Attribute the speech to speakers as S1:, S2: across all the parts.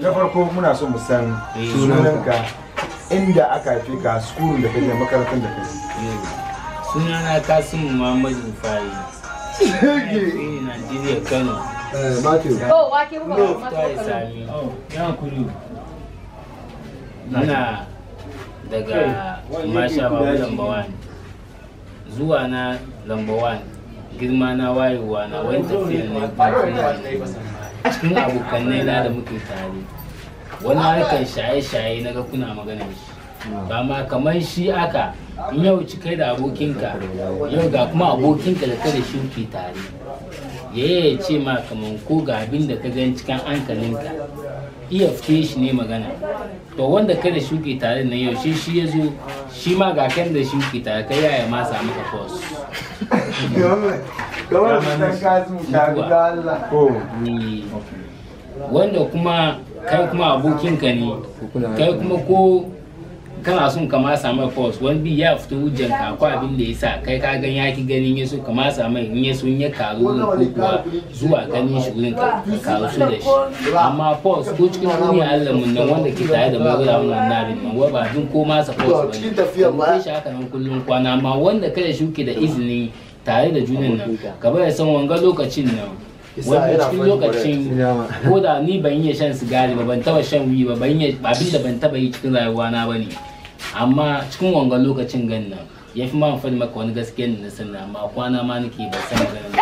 S1: na farko muna so mu san sunanka inda aka haife ka sukuru da kai makarantar da kai sunana kasimu muhammadu fayi Nigeria Kano. Eh, Matthew. Oh, wake muka no. Matthew Sami. Oh, yan kuri. Ina daga Masha Babu one Zuwa na Lamba Girma na wayewa na wani tafiya ne ba cikin abokan na da muke tare wani harkar shaye-shaye na ga kuna magana shi ba ma kamar shi aka yau ci kai da abokinka yau ga kuma abokinka da kada shi ke tare yaya ya ce ma kamar ko ga abin da ka gan cikin hankalinka iya fiye shi ne magana to wanda kada shi ke tare na yau shi shi ya zo shi ma ga kan da shi ke tare kai yaya ma samu ka Wanda kuma kai kuma abokinka ne, kai kuma ko kana son ka kama samai force wani bi ya fito ka ko abin da yasa kai ka gan ya ki yaso ka kama samai in yesu ya karo ne ko kuwa zuwa ganin shi wurin ka karu su da shi amma force ko cikin duniya Allah mun nan wanda ke tare da mu da wannan nabin nan wa ba jin ko ma sa force ba cikin tafiya ba shi haka nan kullun kwana amma wanda kai shi ke da izini tare da junan nan gaba ya san wanga lokacin nan wanda cikin lokacin ko da ni ban iya shan sigari ba ban taba shan wi ba ban abin da ban taba yi cikin rayuwa na bane amma cikin wanga lokacin gan nan ya fi man faɗi maka wani gaskiya ne na sanna amma kwana ma nake ba san ganin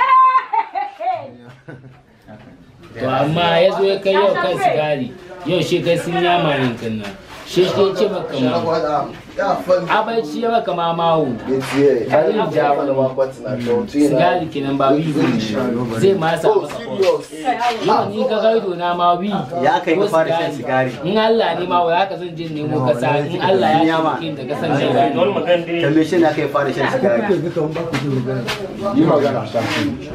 S2: to amma ya zo ya kai yau kan sigari
S1: yau shi kai sun yama yankin nan shi ke ce maka abaici ya baka ma mawo bari in ja wani sigari kenan ba wi zai ma sa masa yau ni ka gaido na oh, ma wi ya kai ka fara shan sigari in Allah ne ma wa ka zan jin nemo ka sa in Allah ya kike da ka san sigari kalle shi na kai fara shan sigari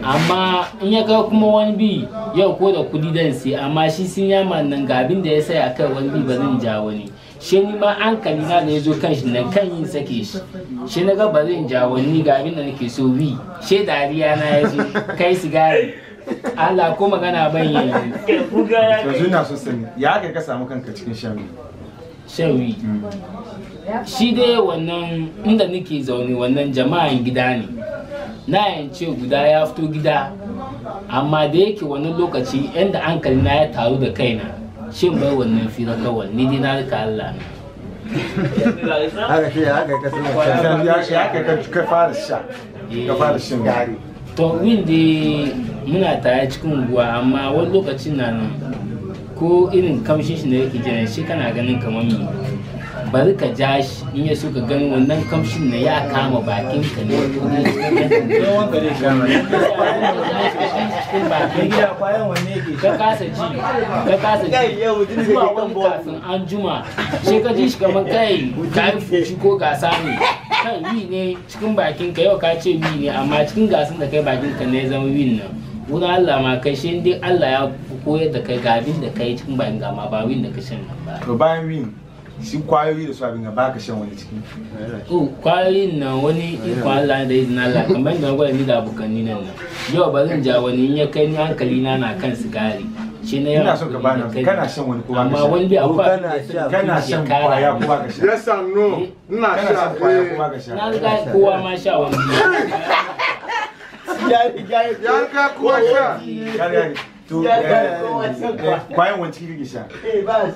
S1: amma in ya kai kuma wani bi yau ko da kudi dan sai amma shi sun yama nan ga abin da ya saya akai wani bi ba zan ja wani shi ni ma hankali na da ya zo kan shi na kan yin sake shi shi na ga ba zan ja wani ga abin da nake so wi shi dariya na ya zo kai sigari Allah ko magana ban yi yanzu zuna so sani ya kai ka samu kanka cikin shan shan wi shi dai wannan inda nake zaune wannan jama'an gida ne na yance guda ya fito gida amma da yake wani lokaci yadda hankali na ya taru da kaina shin bai wannan fi zaka wani dinarka Allah ne haka ke haka ka sun ya haka ka ka fara sha ka fara shin eh. gari to min dai muna tare cikin unguwa amma wani lokacin na nan ko irin kamshin shi ne yake jiran shi kana ganin kamar mai bari ka ja shi in ya so ka gan wannan kamshin na ya kama bakin ka ne ne ne ka kasa ji ka kasa ji zuwa wani kafin an juma sai ka ji shi kamar kai ka yi ko gasa ne kan yi ne cikin bakin ka yau ka ce wi ne amma cikin gasan da kai bakin ka ne zama win nan wurin Allah ma kai shi dai Allah ya koyar da kai ga abin da kai cikin bakin ga ma ba win da ka shan ba to bayan win shi kwayoyi da su abin ga baka shan wani ciki oh kwayoyin wani ikon da izinin kamar da gwada ni da abokanni nan nan yau ba zan ja wani in ya kai ni hankali na na kan sigari shi ne ina ka bani kana shan wani kuma amma wani bi akwai kana shan kwaya kuma ka sha yes and no eh? ina sha kwaya eh. kuma ka sha na ga kowa ma sha wani ya ga kowa sha eh, kwayan wani ciki ka sha eh bas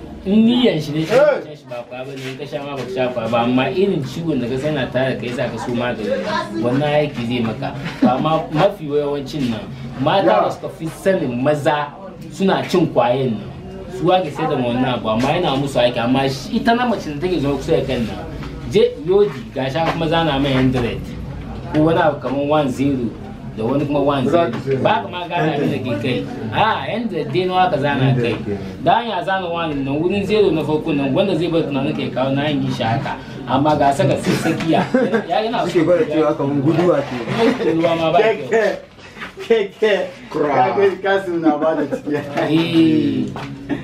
S1: in niyan shi ne shan shi ba kwa ba ne ka sha ma ba sha kwa ba amma irin ciwon da ka sai na tare kai sa ka so magani wannan aiki zai maka amma mafi yawancin nan mata da suka fi sanin maza suna cin kwayen nan su ga sai da wannan abu amma yana musu aiki amma ita na mace da take zama kusa da kan nan je lodi ga sha kuma zana mai 100 ko wani abu kamar 10 da wani kuma wanzu ba ka ma gane abin da ke kai a yan da deno aka zana kai da hanya zana wani nan wurin zero na farko nan wanda zai bar tunanin kai kawo na yin shi haka amma ga saka sakiya ya yana so ba da cewa kaman guduwa ce ruwa ma ba ke keke kasu na ba da ciki eh,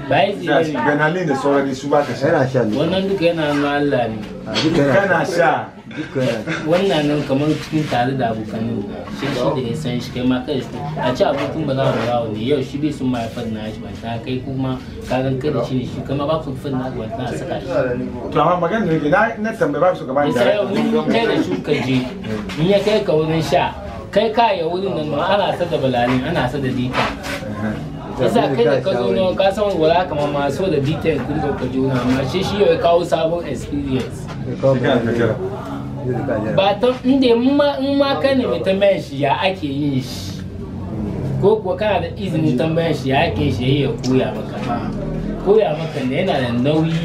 S1: bai ji ganin da sauran su ba ka sai na sha ne wannan duka yana nuna Allah ne duka yana sha wannan nan kamar cikin tare da abokanin shi shi da ya san shi kai ma kai shi a ci abokin ba za mu yawo ne yau shi bai sun ma fad na shi ta kai kuma kagan kai da shi ne shi kama ba ku fad na wata a saka shi to amma magana da na na tambaye ba su gaba da sai mun kai da su ka je in ya kai ka wurin sha kai ka ya wurin nan ma ana sa da balalin ana sa da dita yasa kai da ka zo nan ka san wala kamar ma so da detail kun ka juna amma shi shi ya kawo sabon experience ba ta inda in ma ka nemi tambayan shi ya ake yin shi ko kuwa kana da izinin tambayan shi ya ake shi ya koya maka koya maka ne yana da nauyi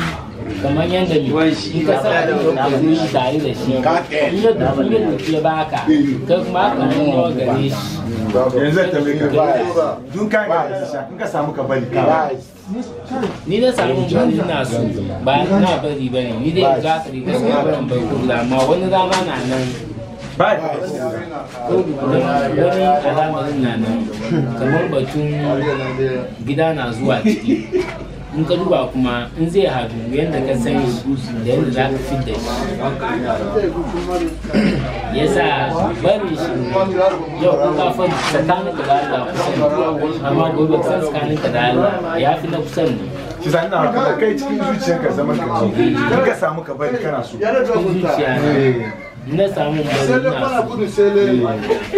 S1: kamar yadda in ka sa da kudi tare da shi in ya dubi ya baka kai kuma ka nuna gare shi yanzu ta mai ka ba duka ka samu ka bari ka ni na samu wani na su ba na bari ba ne ni dai za ka riga sama ba bai kula amma wani zama na nan ba wani alamarin na nan kamar batun gida na zuwa ciki in ka duba kuma in zai hadu yadda ka san da yadda za ka fi da shi ya sa bari shi yau kun kafa tsakanin ka da Allah kusan amma gobe kusan tsakanin ka da Allah ya fi na kusan ne ki san na kai cikin zuciyarka zaman ka ce ka samu ka bari kana so na samu mai sai fara sai le eh,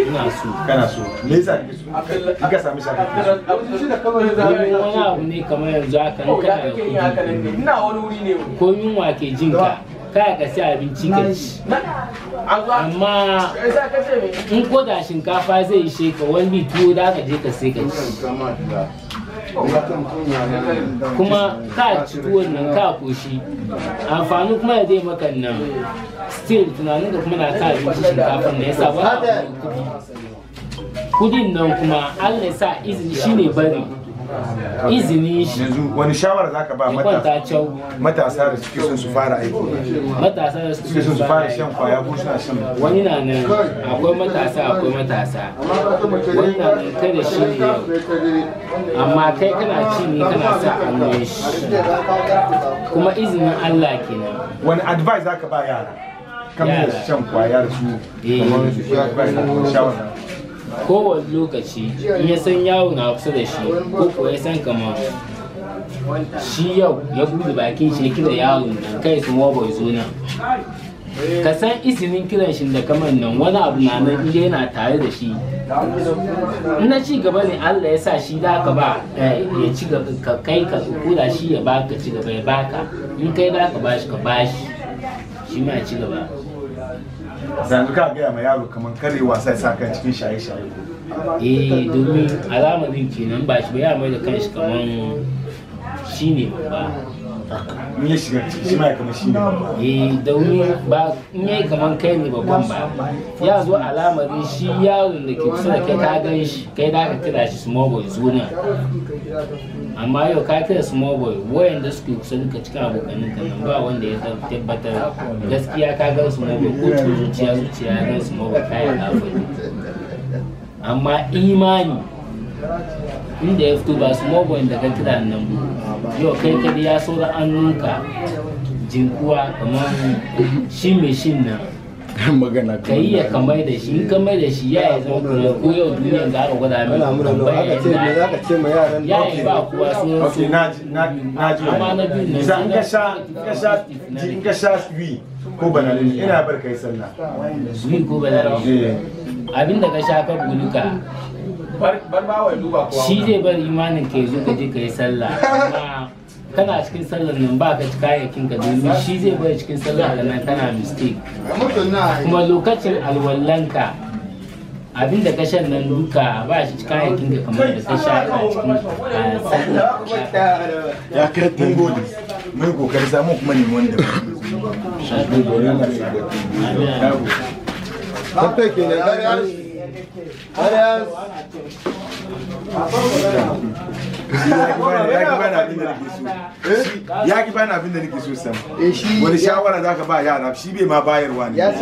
S1: ina so kana so me yasa kike so kika samu shaka da kamar wani abu ne kamar yanzu haka ne kana da kuɗi ina wani wuri ne ko yunwa ke jin ka kaya ka ci abinci ka ci amma in ko da shinkafa zai ishe ka wani tuwo da ka je ka sai ka ci kuma ka ci wannan ka koshi amfani kuma ya zai maka nan still tunanin da kuma na ka abinci shinkafin na yasa ba kudin nan kuma allah ya sa izini shine bari izini shi yanzu wani shawara zaka ba matasa da suke son su fara aiki matasa da suke son su fara shan kwaya ko suna shan wani na nan akwai matasa akwai matasa wani na nan da shi ne amma kai kana ci ne kana sa hannun shi
S2: kuma izinin
S1: Allah kenan wani advice zaka ba yara kamar shan kwaya da su eh. kamar su shawara kowane lokaci in ya san yawo na kusa da shi ko kuwa ya san kamar shi yau ya buɗe bakin shi kira yawo kai su mawa bai zo nan ka san izinin kiran shi da kamar nan wani abu na nan inda yana tare da shi in na ci gaba ne Allah ya sa shi da ka ba eh, ya ci gaba ka kai ka kula shi ya baka ci gaba ya baka in kai da ba shi ka bashi shi ma ci gaba yanzu ka gaya ma yaro kamar kare wasa ya saka cikin shaye-shaye eh domin alamarin kenan ba shi ba ya mai da kanshi kaman shine ba in ya shiga ciki shi ma ya kama shi ne eh domin ba in yayi kaman kai ne babban ba ya zo alamarin shi yaron da ke kusa da kai ka gan shi kai da ka kira shi small boy zuna amma yau ka kira small boy wayan da suke kusa duka cikin abokanin ka nan ba wanda ya tabbatar gaskiya ka gan small boy ko cikin zuciya zuciya ya gan small boy ka yi kafin amma imani inda ya fito ba small boy da ka kira nan yau kai ka ya so da annunka jinkuwa kamar shi mai shin nan magana ka yi ya kamar da shi in kamar da shi ya yi zama ko yau duniya ga aka gwada mai tambaya ya yi ba kuwa sun na ji amma na ka sha in ka ko banalin ina bar kai sallah ko banalin eh. abin da ka sha ka buluka bar ba duba shi zai bar imanin ke yazo ka je ka yi sallah kana cikin sallar nan ba ka ci kayayyakin ka domin shi zai bar cikin sallar nan kana mistake kuma lokacin alwallanka abin da ka shan nan duka ba shi cikin yakin ka kamar da ka sha a cikin ya kai tun gode mai kokari samu kuma ne wanda ba shi gode ne ya ki bani abin da nake so sam eh, wani shawara za ba yara shi bai ma bayarwa ne